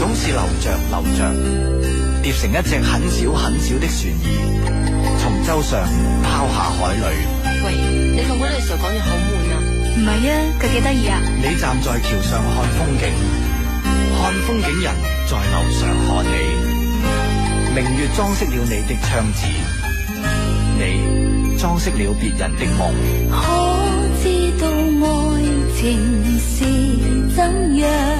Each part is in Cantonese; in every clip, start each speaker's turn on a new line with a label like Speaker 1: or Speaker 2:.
Speaker 1: 總是流着流着，疊成一隻很小很小的船兒，從舟上拋下海裏。
Speaker 2: 喂，你同我哋，時候講嘢好
Speaker 3: 悶啊？唔係啊，佢幾得意啊？
Speaker 1: 你站在橋上看風景，看風景人在樓上看你。明月裝飾了你的窗子，你裝飾了別人的夢。
Speaker 3: 可知道愛情是怎樣？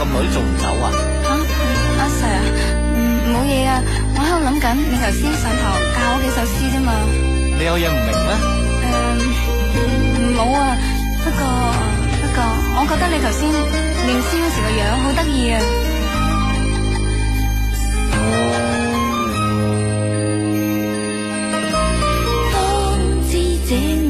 Speaker 1: 咁佢都仲唔走啊？吓，
Speaker 3: 阿 Sir，冇嘢啊，我喺度諗緊，你頭先上堂教我幾首詩啫嘛。
Speaker 1: 你有嘢唔明咩？
Speaker 3: 誒，冇啊，不過不過，我覺得你頭先念詩嗰時個樣好得意啊。當知這。